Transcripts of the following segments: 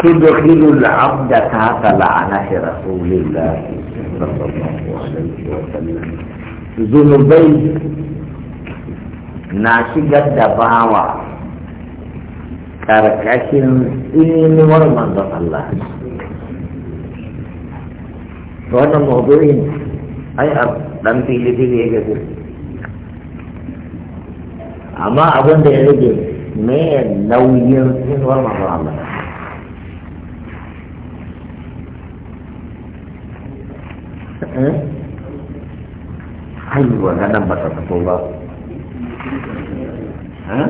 تدخل العبد تحت لعنه رسول الله صلى الله عليه وسلم ذنوبين ناشقة دباوة كركش الإن ورمان الله وانا موضوعين أي أب لم تيجي تيجي أما أبن دي me nauyin sinuwar Allah haihuwa eh? na nan ba ta fito ba eh?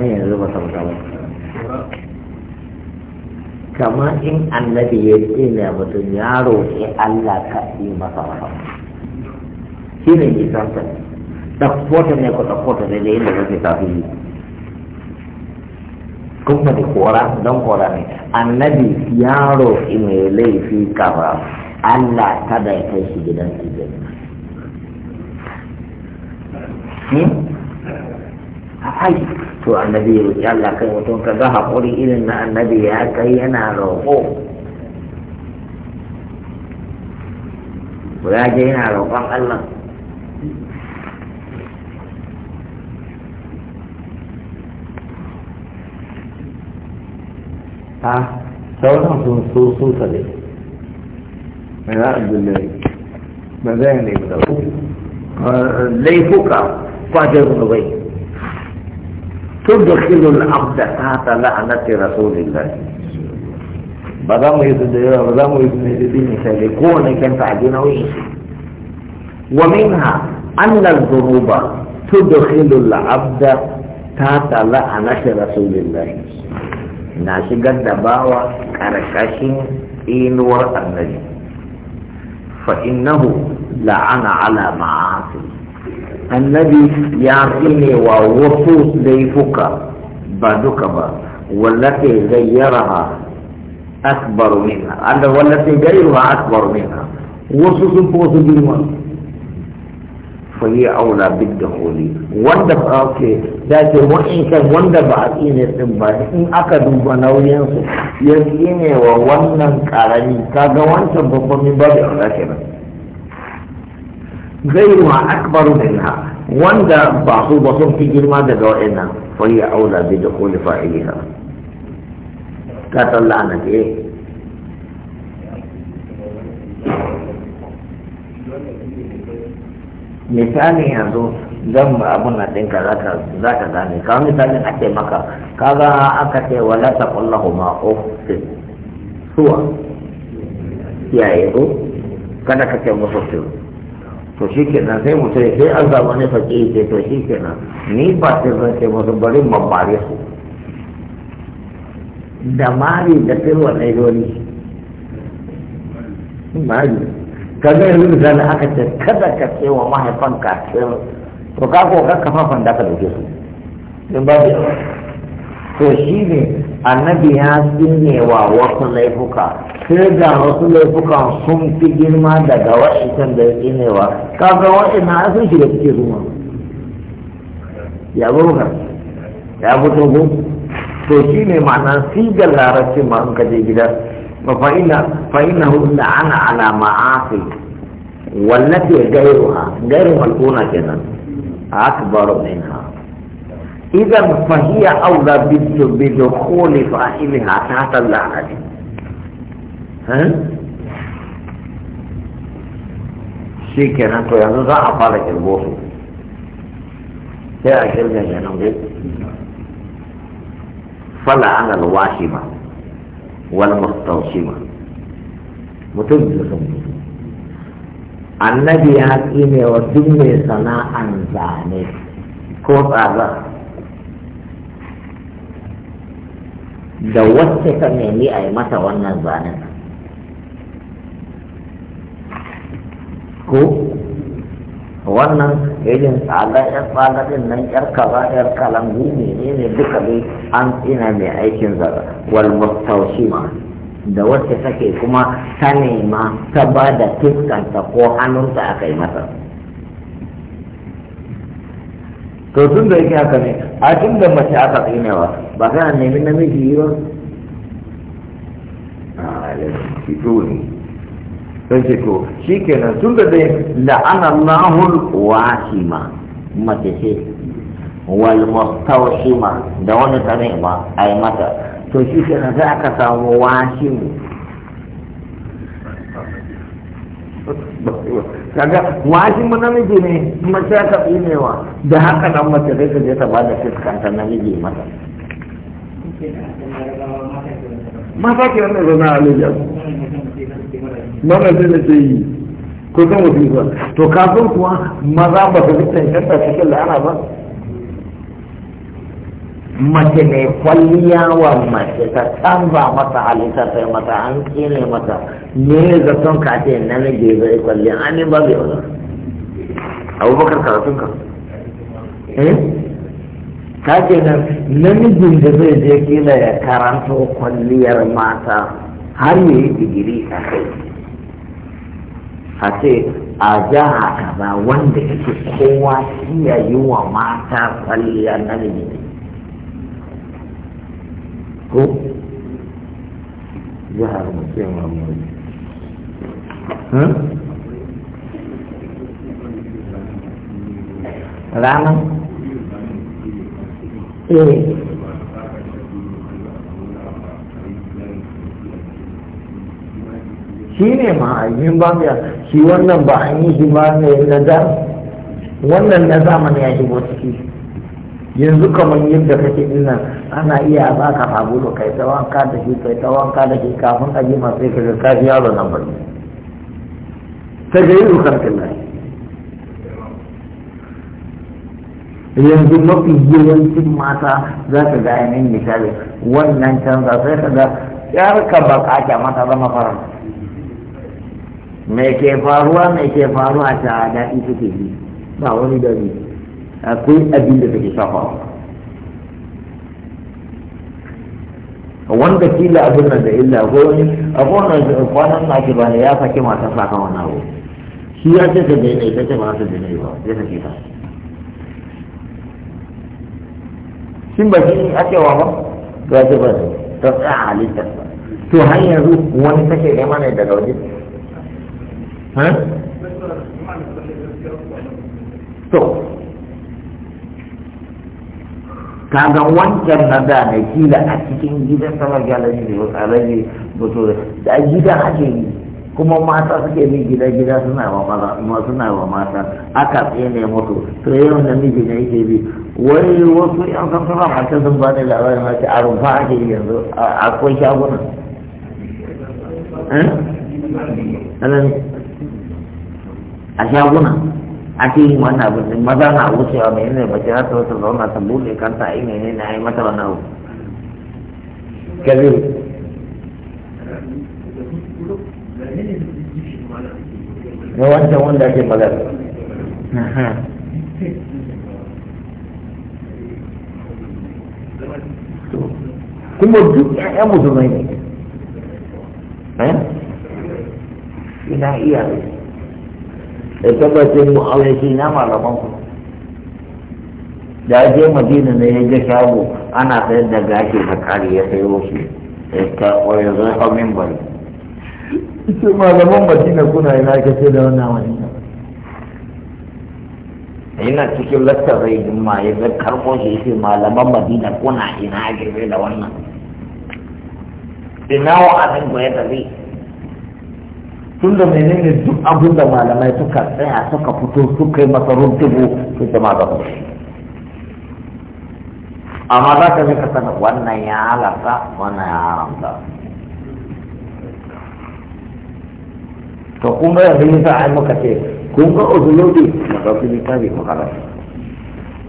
yanzu ba ta fito ba kamar in annabi ya ce na mutum ya roƙi Allah ka yi masa wata shi ne nisan ne ɗauko ta ne ku ɗauko ta daidai yadda kake tafi kuma da kora don kora ne annabi yaro mai laifi kafa Allah kada ya kai shi gidan aljanna ai to annabi ya roƙi Allah kai mutum ka ga haƙuri irin na annabi ya kai yana roƙo ya je yana roƙon Allah ها ثورة في مصطور سلطة من عبد الله ماذا يعني بدأ آه، لي فوقع فاجر نبي تدخل العبد تحت لعنة رسول الله بدأ يتدير بدأ يتدير سيكون كان تعجين ويشي ومنها أن الظروب تدخل العبد تحت لعنة رسول الله na shigar da bawa ƙarƙashin inuwar annabi fa innahu la'ana ala ma'asi annabi ya tsine wa wasu laifuka ba duka ba wallafe ha akbaru minna anda wallafe gari gairuha akbaru minna wasu sun fi wasu girma fa yi aula bidda holi wanda fa ke ya ce wa'incan wanda ba a tsine din ba in aka duba nauyinsu ya tsine wa wannan karami kaga wancan babban min babu aula kenan gairu ma akbaru minha wanda ba su ba sun fi girma daga wa'annan fa ya aula bi da kulli fa'iliha ka talla annabi eh misali yanzu zan ba abun na ɗinka za ka gane ka misalin ake maka ga aka ce wala ta kullahu ma ofis suwa kiyaye ko kada ka ce musu su to shi kenan sai mutum sai an zama ne faƙi ce to shi kenan ni ba sai zan ce musu bari mabare su da mari da firwa na idoni mari kaga yanzu misali aka ce kada ka ce wa mahaifanka sirwa to ka ko ka kafafan da ka dauke su in babu to shi ne annabi ya tsine wa wasu laifuka sai ga wasu laifukan sun fi girma daga wa'incan da ya tsine wa kaga wa'ina sun shiga suke zuma ya zo ya fito ku to shi ne ma'ana sigar larabci ma in ka je gida ba fa'ina hudu da ana ala ma'afi gairu gairuha gairun al'una kenan أكبر منها إذا فهي أولى بدخول فاحلها تحت اللعنة شكرا لك يا نزع أفارك البوصو يا أكل يا نزع فلا أنا الواشمة والمختصمة متوجه سمسو annabi ya ne wa duk mai sana'an zane ko tsaza da wacce ka nemi a yi mata wannan zanen ko wannan irin tsaga yar tsaga din nan yar kaza yar kalangu ne ne duka dai an tsina mai aikin zara wal ma da wacce take kuma ta nema ta ba da fuskanta ko hannunta aka yi masa to tun da yake haka ne a tun da mace aka tsinewa ba kana nemi namiji yi ba a alaƙi ne sai ce ko shi kenan tun da dai la'anallahul wahima mace ce wal mustawshima da wani ta nema a yi mata to shi ke nan sai ka samu ne kaga washin mu namiji ne kuma mace aka wa da haka nan mace zai je ta bada fiskanta namiji mata mata ke wanda zauna a lagos mana sai da ce yi ko san wasu to kafin kuwa maza ba su fi cancanta cikin la'ana ba mace mai kwalliya wa mace ta canza mata halitta sai mata an kire mata ne zaton ka ce namiji zai kwalliya an ne ba zai wani abubakar karatun ka eh ka ce nan namijin da zai je kila ya karanta kwalliyar mata har ya yi digiri a kai a ce a jiha kaza wanda yake kowa shi ya yi wa mata kwalliyar namiji ne ko jihar mutum mamuri Rana, eh shi ne ma a ma'aikin bamiya shi wannan ba an yi shi ba ne na da wannan na zamani ya shigo ciki yanzu kamar yadda kake dinnan ana iya ba ka fabulo kai ta wanka da shi kai ta wanka da shi kafin a ji masu kai ka ji yaro nan bari ta ga yi rukar killahi yanzu mafi yawancin mata za ka ga yanayin misali wannan canza sai ka ga yar ka ake mata zama faran me ke faruwa me ke faruwa ta daɗi suke yi ba wani dalili akwai abin da take shafa wanda kila abin nan da illa akwai wani akwai wani kwanan na ake bane ya sake mata saka wani abu shi ya ce ta daina ita ce ba ta daina ba ya sake ta shin ba shi ake wa ba ga ce ba ta tsaya halittar ba to har yanzu wani take nema ne daga waje to kaga wancan na da na kila a cikin gidan sama galaji da wasu alaji mutu da gida ake yi kuma mata suke bin gida gida suna wa maza suna wa mata aka tsene mutu to yau namiji ne yake bi wai wasu yan san sama mata sun ba ni labarin mace a rumfa ake yi yanzu akwai shaguna eh? a shaguna ake yin wannan abin din maza na wucewa mai ne ba ta ta wata zauna ta buɗe kanta a yi mai na yi mata wannan abu kabir ne wancan wanda ake magana kuma duk musulmai ne ina iya da tabbacin mu'awai shi na malaman ku da ake madina ne ya ga shago ana sayar da gashi da kari ya sayo shi ta ƙwaye zai hau bari ita malaman madina kuna ina ka sai da wannan madina yana cikin lattar rai ma ya zai karɓo shi ya ce malaman madina kuna ina ka sai da wannan ina wa'azin ku ya tafi tun da menene duk abin da malamai suka tsaya suka fito suka yi masa runtubu su jama da shi amma za ka ka sana wannan ya halarta wannan ya haramta to kun ga yanzu yasa ai muka ce kun ga uzulodi na ɗauki littafi mu karanta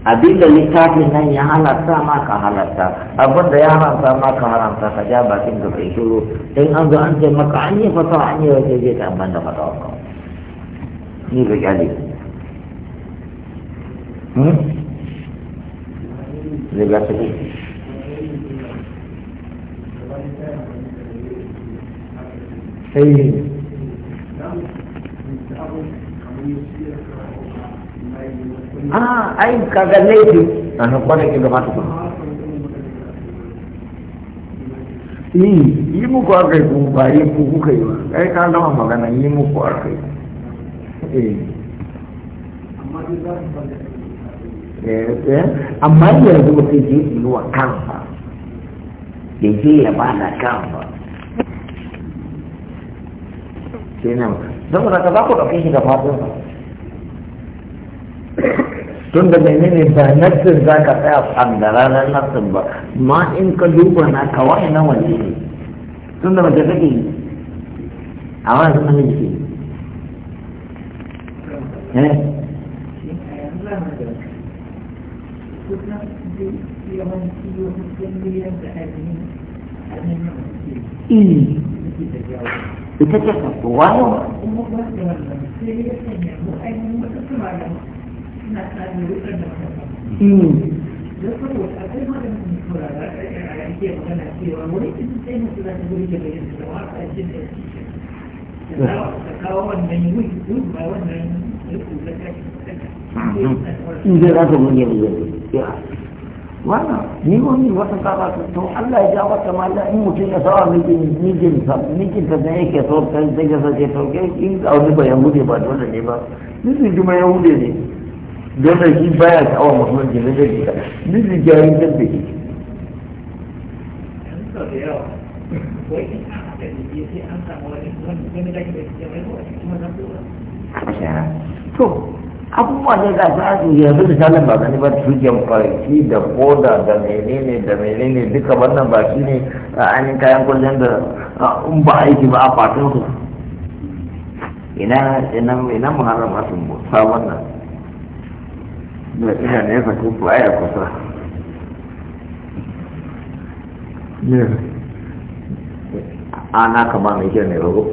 abin da littafin nan ya halarta ma ka halarta abin da ya haramta ma ka haramta ka ja bakin ka kai shiru in an zo an ce maka an yi fasawa an yi wajen zai ta amfani da fasawa ka ni ga kyale hmm? zai ga su sai eh. Aa ai kaga laifi a nan kwanakin gaba yi ba yi ku ba kai ka magana yi eh. amma eh, eh. wa ya ba kenan saboda ka za ku shi da tun da menene ba nassin za ka tsaya tsangararar nassin ba ma in ka duba na kawai na wanne ne tun da mace take yi a wani sun namiji ke eh? Eh. ita ce kasuwa yau in za ta goge goge wannan ni'omi wata kaba ta to Allah ya ja wata malla in mutum ya sawa mijin mijin sa mijin ta ne yake so ta sai ga sai to in ga wani bayan gude ba dole ne ba mijin kuma ya hude ne don da shi baya sha'awa muhammad ke nan jirgin kaɗa duk da gyaran jirgin ke to abubuwa ne ga ta su yanzu misalin ba gani ba tujen farki da koda da menene da menene duka wannan ba shi ne a ainihin kayan kullum da in ba aiki ba a fatan su ina ina ina muharram asin sabon na iya nesa ko baya kusa ana kama mai kyau ne rogo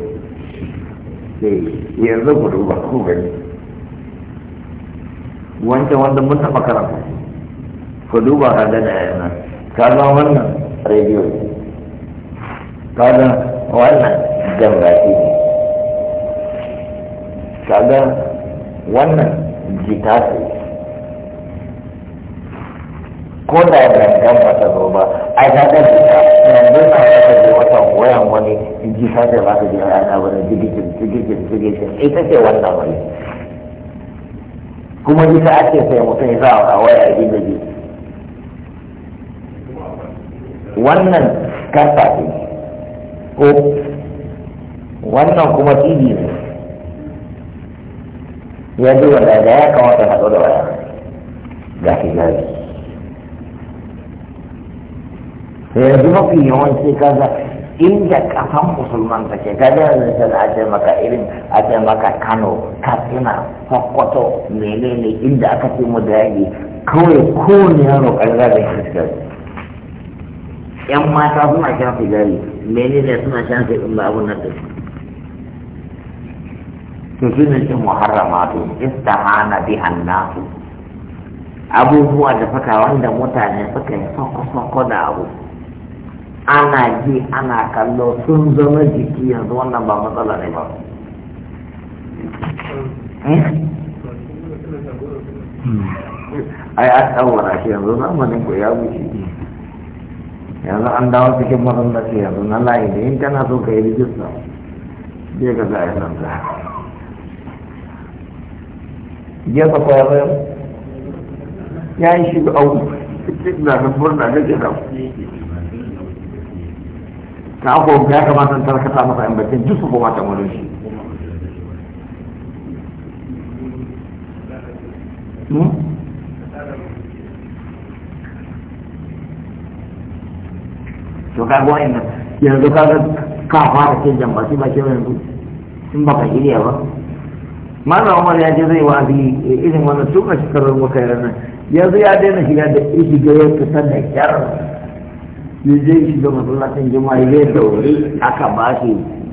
eh, yanzu ku duba ku gani wancan wanda mun taɓa karanta ku duba ka ga da yana ka ga wannan rediyo ka ga wannan gangashi ne ka ga wannan jita ce ko da gangan ba ta zo ba a gangan da ta yanzu na ta je wata wayan wani in ji sace ba ta je ana wani jirgin jirgin digigin ita ce wannan wani kuma ita ake sai mutum ya sa a waya ya dinga ji wannan karta ce ko wannan kuma tv ne ya ji wanda ya kamata na da waya ga shi gari yanzu mafi yawanci kaza inda kafan musulman ta ke kaga yanzu sai a ce maka irin a ce maka kano katsina sokoto menene inda aka ce mu da yaƙi kawai kowane yaro ƙarfi da fuskar yan mata suna shan sigari menene suna shan sigari ba abun nan da su to shi ne cin muharramatu istahana bi nasu abubuwa da faka wanda mutane suka yi sako da abu ana ji ana kallo sun zama jiki yanzu wannan ba matsala ne ba eh? ai an tsawara shi yanzu zamanin ku ya wuce yanzu an dawo cikin masallaci yanzu na layi da in kana so ka yi rijista je ka za a yi sanda gefa kwayar ya yi shi ga auku cikin zanen burna da ke Ka ko ya kamata in tarkata masa in bakin jisu ko mata mu shi hmm? to ka ga wannan yanzu ka ga ka fara cin jamba shi ba ke yanzu in ba ka shirya ba mana umar ya je zai wazi irin wani tuka shekarar muka yi ranar yanzu ya daina shiga da shiga ya fitar da kyar ne zai shiga masallacin jima'i zai daure aka ba shi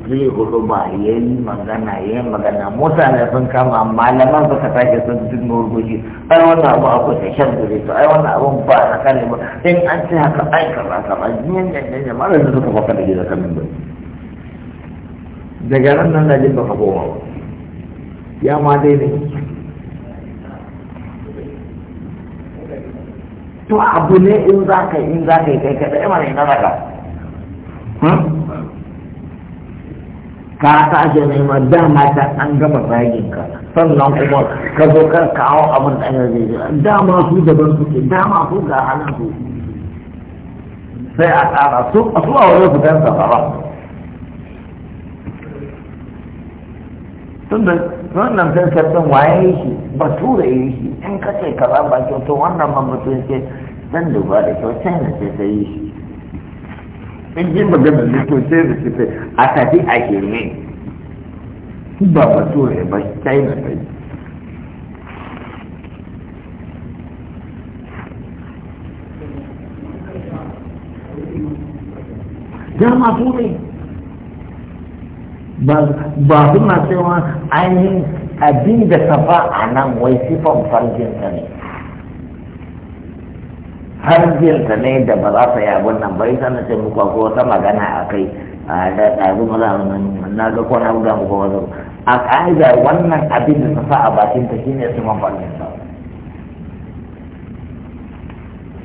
zai hudu ba ya yi magana ya yi magana mutane sun kama malaman suka tashi sun duk murgushi ai wannan abu akwai ta shan dure to ai wannan abun ba a kare ba in an ce haka ai kaza kaza jiyan janjan jama'a da suka baka da gida min ba daga nan nan da jin baka koma ba ya ma dai ne to abu ne in za ka in za ka yi kai kaɗai mana ina za ka hmm? ka ta ake ma, dama ta an gama zagin ka sannan kuma ka zo kan kawo abin da ya zai dama su daban suke dama su ga halin su sai a tsara su a su a wani su kan safara tun da wannan sai sarfin waye shi bature yi shi in ka ce ka ba baki to wannan ma mutum ce zan duba da kyau sai na ce sai yi shi in ji magana ne to sai da ce a tafi a shirme ba bature ba sai na sai dama su ne ba suna cewa ainihin abin da safa a nan wai sifan farjinsa ne farjinsa ne da ba za ta yabon nan bai sana ce muku ko wata magana a kai a da ɗazu maza na ga ko na buga muku wazo a ƙa'ida wannan abin da safa a bakin ta shine sifan farjinsa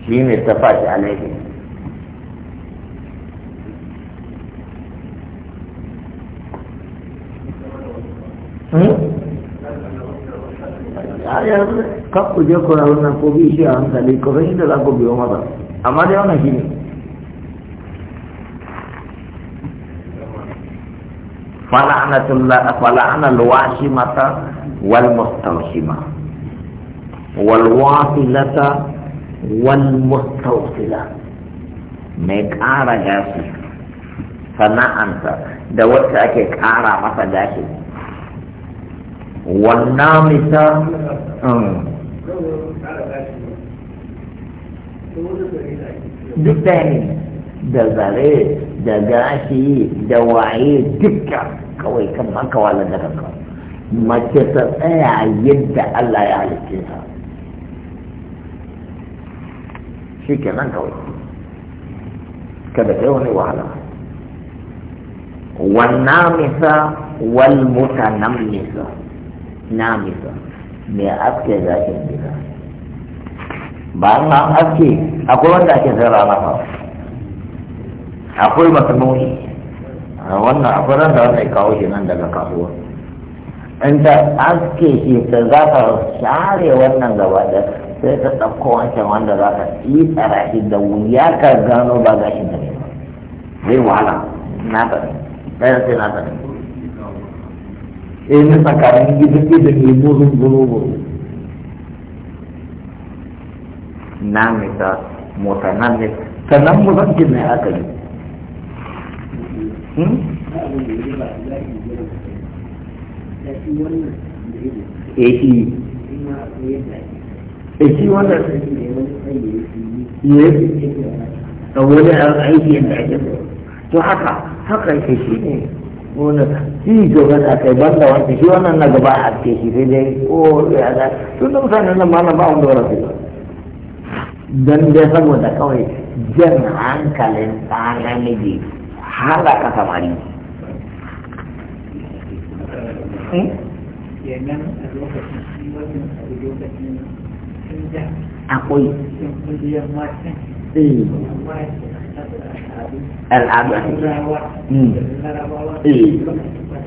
shine safa shi alaihi Hmm? a yanzu ku je ku rawar nan ko bi shi a hankali ku san inda za ku biyo maza amma dai wannan shi ne fala'anatullah fala'anal washimata wal mustawshima wal wasilata wal mustawsila mai ƙara gashi sana'anta da wata ake ƙara masa gashi والنامسة آه. بالثاني دزالي دزاشي دواعي دكا قوي كم ما كوالا دكا ما تستطيع إيه، يد الله يعلك فيها شي كمان قوي كبتوني وعلا والنامسة والمتنمسة Na namisa mai aske ke gida ba an aske akwai wanda ake zara nafa akwai masanoni wannan akwai randa wanda ya kawo shi nan daga kasuwa in ta aske shi ta za ta share wannan gaba da sai ta ɗauko wancan wanda za ta yi tsara shi da wuya ka gano ba gashin da ne ba zai wahala na ta ɗaya sai na ta ne e eh, yi tsakanin gidan gidan ne burin na mita mota na mita sannan musamman mai aka yi Eki. Eki wannan yi a wani aiki yadda ake to haka haka yake shi ne nuna gaba da shi wannan na gaba a ke shi sai dai ko ya tun da nan malam ba wanda ba dan dai saboda kawai jan hankalin ɗan namiji halaka hmm? akwai al'adu yan hmm. eh,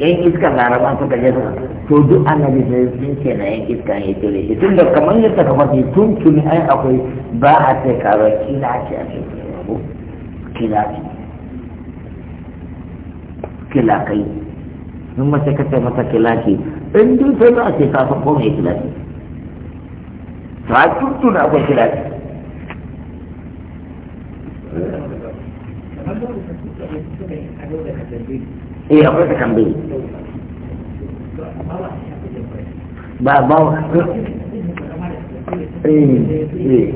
eh, laraba to duk annabi sai sun ce na yan iska ya tare shi tun da kamar yadda ka tun tuni ai akwai ba a ce karuwa kila ce a ce kila ce kila kai in mace duk sai ba a ce kafin ko mai kila ta akwai kila eh akwai takambe ba ba eh eh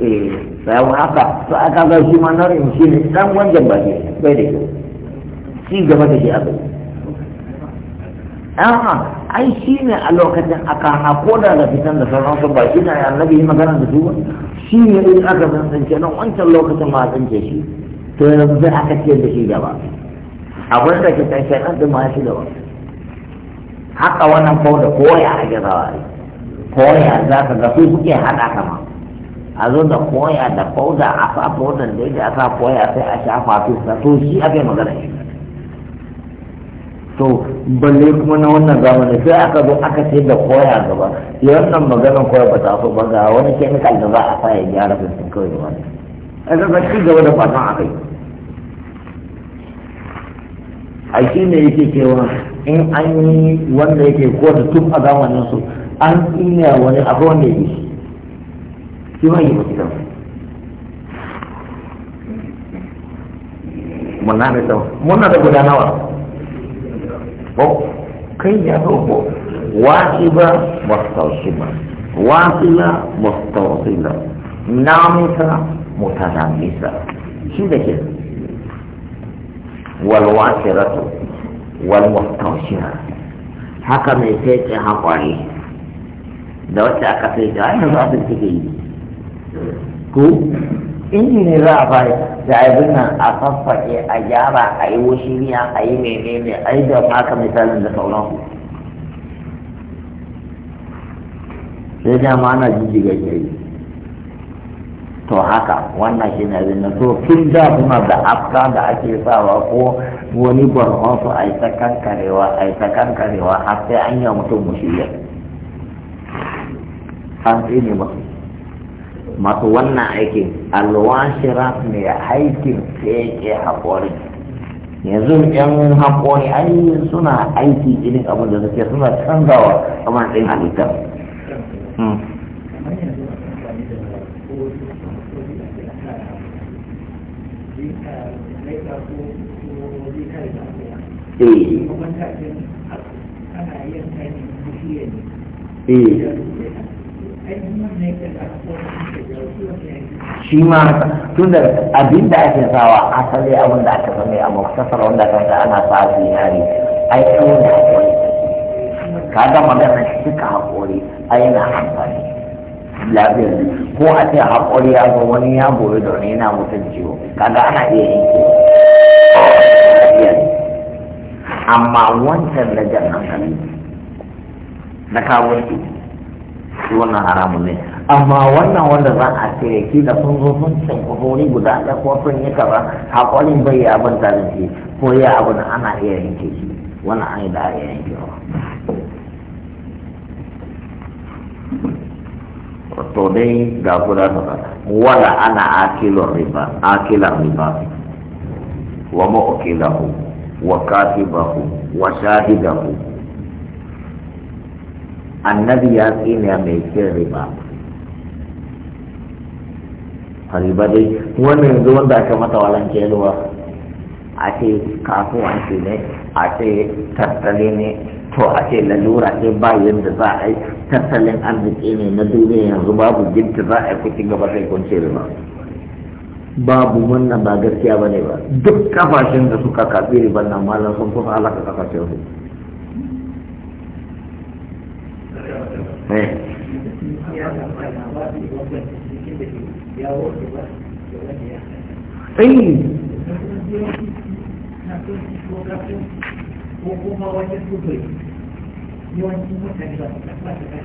eh haka to aka ga shi ma nau'in shi ne dan wajen ba ne bai da gaba da shi ai shi ne a lokacin aka hako da fitan da sauransu ba shi ne annabi yi magana da su shi ne in aka tsantsance nan wancan lokacin ma a shi to yanzu sai aka ciyar da shi gaba a da ke tsanke nan da ma shi gaba haka wannan ko ya ake zawa ya za ka ga su suke haɗa kama a zo da koya da fauda a sa faudan da a sa koya sai a shafa su to shi ake magana shi to balle kuma na wannan zamanin sai aka zo aka ce da koya gaba ya wannan maganar koya ba ta so ba ga wani kemikal da za a sa ya gyara sun kawai ba ne a ga ci gaba da fasan a a shi ne yake cewa in an yi wanda yake kota tun a zamanin su an tsina wani abu wanda ya yi shi ma yi mutu kansu muna da guda kai ya roƙo wahiba mustawsiba wasila mustawsila namisa mutanamisa shi da ke wal wasiratu wal mustawsira haka mai fece haƙwari da wacce aka fece a yanzu abin take yi ko in ne za a bayar da abin nan a faffaɗe a gyara a yi wushiriya a yi menene a yi da maka misalin da ku sai ma ana jijjiga ke to haka wannan shi ne abin nan tun da kuma da afka da ake sawa ko wani su a yi kankarewa a yi kankarewa har sai an yi mutum mushirya an tsini masu masu wannan aikin alwashira ne aikin feke haƙori yanzu yan haƙori ai suna aiki irin abin da suke suna canzawa kamar ɗin halittar hmm. Eh. eh. shi ma haka tun da abin da ake sawa asali abin da aka sami a muktasar wanda aka ga ana sa su yari ai tsawon da hakuri ka ga magana shi duka hakuri ai na amfani lafiyar ko a ce hakuri ya zo wani ya goyi da wani yana mutum ciwo kaga ana iya yin ciwo amma wancan da jan hankali na kawo shi shi wannan haramun ne amma wannan wanda za a cire ki da sun zo sun guda ɗaya ko sun yi kaza haƙorin bai yi abin da shi ko ya abin ana iya yanke shi wannan an yi da iya yanke wa to dai ga guda ta wala ana akilar riba akilar riba wa mu'kilahu wa katibahu wa shahidahu annabi ya tsina mai cin riba riba dai wannan yanzu wanda aka mata walan keluwa a ce ce ne a ce tattali ne to a ce lalura ce ba yadda za a yi tattalin arziki ne na duniya yanzu babu gidda za a yi kuci gaba sai kun ce riba babu wannan ba gaskiya ba ne ba duk kafashin da suka kafi riban na malam sun kusa halaka kafashin su Eh. ai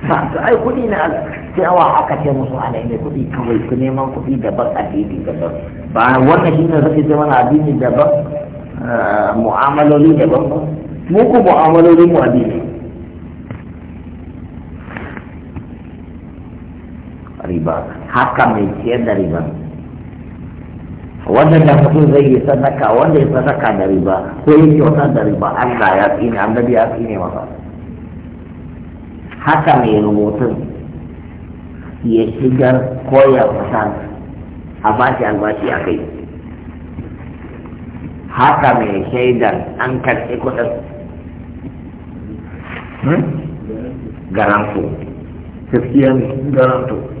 ta ai kudi na cewa aka ce musu ana ne kudi kawai ku neman kudi daban addini daban ba wannan shi ne zai zama addini daban eh, mu'amaloli daban ba mu ku mu'amaloli mu addini riba haka mai ciyar da riba wanda da mutum zai yi sadaka wanda ya sadaka da riba ko ya kyauta da riba Allah ya tsine annabi ya tsine masa haka mai rubutun ya shigar ko ya a bashi albashi a kai haka mai shaidar an karɓi kuɗin hmm? garanto gaskiya garanto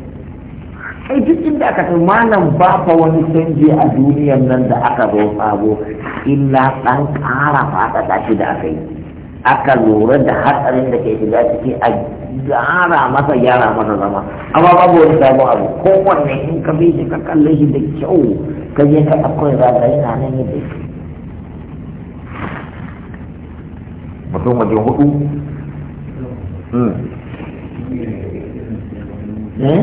kai duk inda aka ce malam ba fa wani canji a duniyan nan da aka zo sabo illa ɗan ƙara da shi da aka yi aka lura da hatsarin da ke shiga ciki a gyara masa gyara masa zama amma babu wani sabon abu kowanne in ka bi shi ka kalle shi da kyau ka je ka akwai za ka yana nan yadda shi mutum wajen hudu hmm. eh?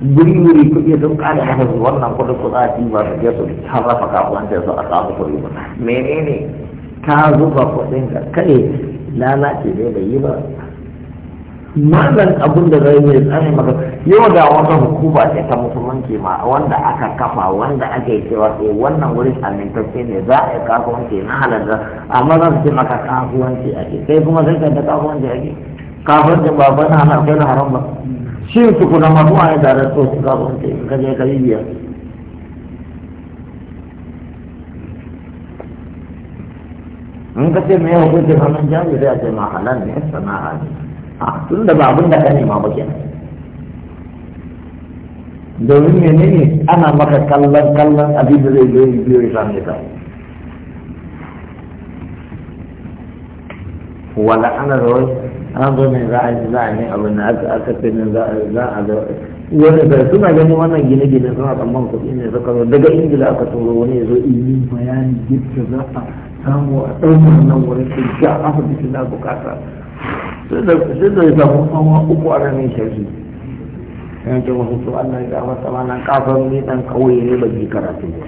guri wuri kuɗi sun ƙara haka su wannan kuɗin ku za a ci ba su je su sarrafa kafin ta su a samu kuɗi ba menene ta zuba kudin ka kai lalace ne bai yi ba wannan abun da zai mai tsare maka yau da wata hukuma ce ta musulunci ma wanda aka kafa wanda aka yi cewa sai eh, wannan wurin amintacce ne za a yi kasuwanci na halarta amma za su ce maka kasuwanci ake kai kuma zai kai da kasuwanci ake kasuwancin ba ba na halar haram ba shi su kuna masu a yadda da so su kawo ke kaje ka yi biya, in ka ce mai hukunci hannun jami zai ce ma halal ne sana'a ne a tun da ba abin da ka nema ba ke domin menene ana maka kallon kallon abin da zai biyo biyo ya sami ka wala ana da an zo mai za a yi za a yi abu na aka fi min za a zo wani sai suna ganin wannan gine-gine suna tsamman kuɗi ne suka zo daga ingila aka turo wani ya zo yi bayani gidda za a samu a ɗaukar nan wani su ga abu da suna bukata sai da ya samu sama uku a ranar shari'i yan ce wasu su allah ya masa mana kafin ni dan kawai ne ba ji karatu ba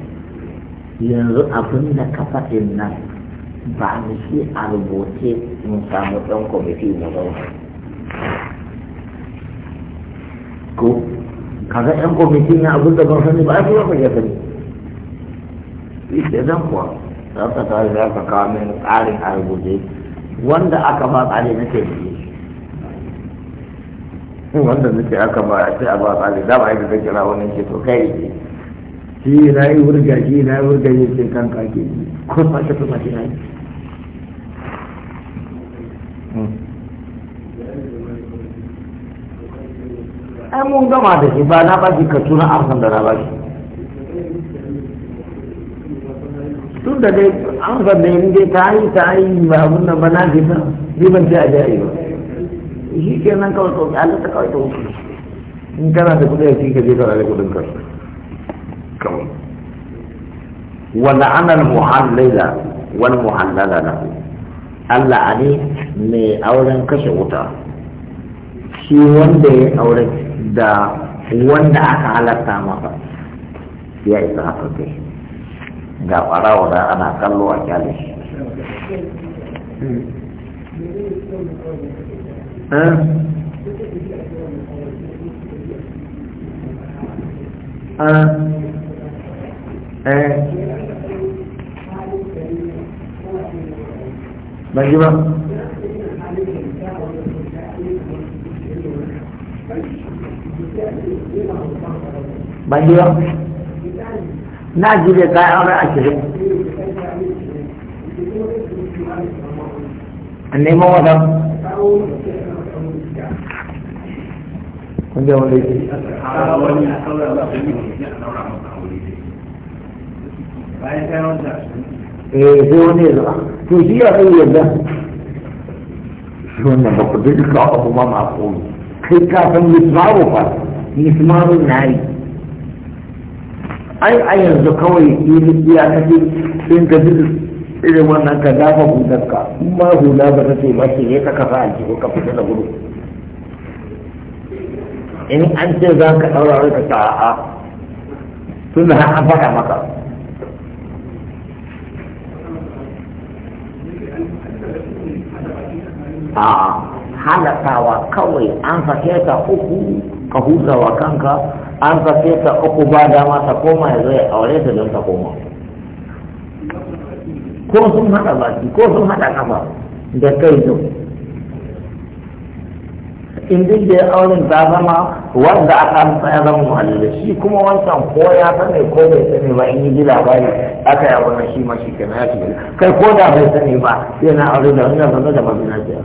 yanzu abin da kafa ɗin nan ba ni shi a rubuce mun samu ɗan kwamiti na zauna ko kaga ɗan kwamiti na abu da ban sani ba a fi wata ya sani ita zan kuwa za ka kawo za ka kawo min tsarin a rubuce wanda aka ba tsari na ke da wanda nake aka ba ce a ba tsari da ba yadda zai kira wani ke to kai shi na yi wurga shi na yi wurga yi sai kan kake ji ko fashe kuma shi na yi ai mun gama da shi ba na baki ka tuna amsan da na baki tun da dai amsan da yin dai ta yi ta yi ba abun da ba na ji ba riban ce a jayi ba shi ke nan kawai kawai Allah ta kawai ta wuce in kana da kudi a cikin ka je ka rage kudin ka kawai ولعن المحلل والمحلل له Allah a ne mai auren kashe wuta shi wanda ya aure da wanda aka halatta masa ya isa haka kai ga ƙwarawa ana kallo a kyale shi eh ban ji ba ban ji ba na ji da kayan aure a neman wata kun je wanda bayan kayan wata eh sai wani ya to shi ya kai yadda shi wannan ba ku duk ka abu ma ma'aƙo kai ka san mismaru fa mismaru na yi ai a yanzu kawai yi ya kace sun ka duk irin wannan ka dafa hudarka in ma hula ba ta ce ba ce ne ka kafa aljihu ka fita da gudu in an ce za ka ɗaura ka ta'a tun da an faɗa maka a halakawa kawai an sake ta uku ka wa kanka an sake ta uku ba dama ta koma ya zai aure ta don ta koma ko sun haɗa baki ko sun haɗa kafa da kai zo in duk da ya auren ta zama wanda aka tsaya zama muhallin shi kuma wancan ko ya sani ko bai sani ba in yi ji labari aka yi na shi ma shi kenan ya shiga kai ko da bai sani ba yana aure da wannan zama da mazinaciya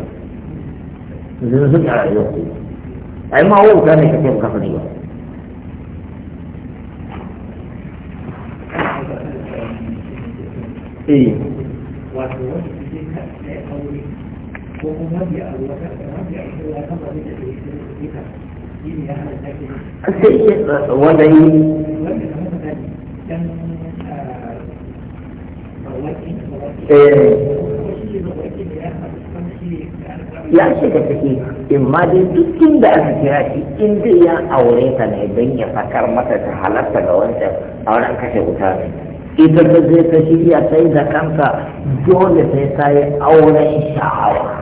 yanzu sun a rayuwa ne ba ko kuma a wata da mafi a wata da kama da ke da wanda yi da eh ya shiga take in ma dai duk inda aka kira shi in zai ya aure ta ne don ya fakar mata ta halarta ga wancan auren kashe wuta ne ita ta zai ta shirya sai da kansa dole sai ta yi auren sha'awa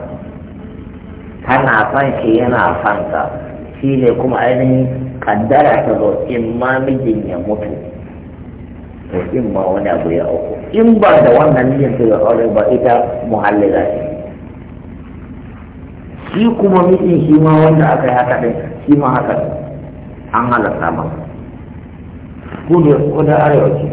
tana son shi yana son ta shi ne kuma ainihin kaddara ta zo in ma mijin ya mutu to in ma wani abu ya auku in ba da wannan niyyar ta aure ba ita muhallila ce shi kuma mijin shi ma wanda aka yi haka ɗin shi ma haka an halatta ma kudu ko da arewa ce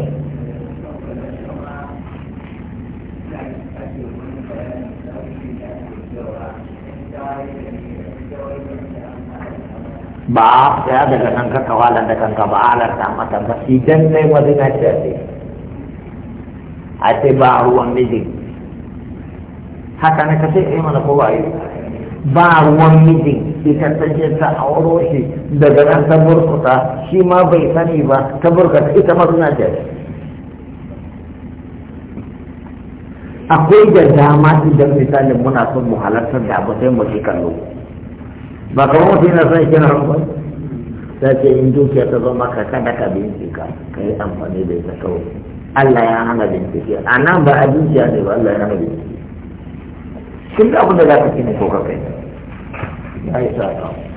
ba ya daga nan ka kawala da kanka ba halatta mata ba idan ne wani na ce a ce ba ruwan mijin haka na ka sai a yi mana ko ba ba ruwan mijin ita ta je ta auro shi daga nan ta burkuta shi ma bai sani ba ta burkuta ita ma suna ce akwai da dama idan misalin muna son mu halartar da abu sai mu shi kallo ba kamar mutum yana son shi na ta ce in dukiya ta zo maka kada ka bincika ka yi amfani da ita kawai Allah ya hana bincike a nan ba a dukiya ne ba Allah ya hana bincike Kin da abin da za ka kine so ka kai ya yi sa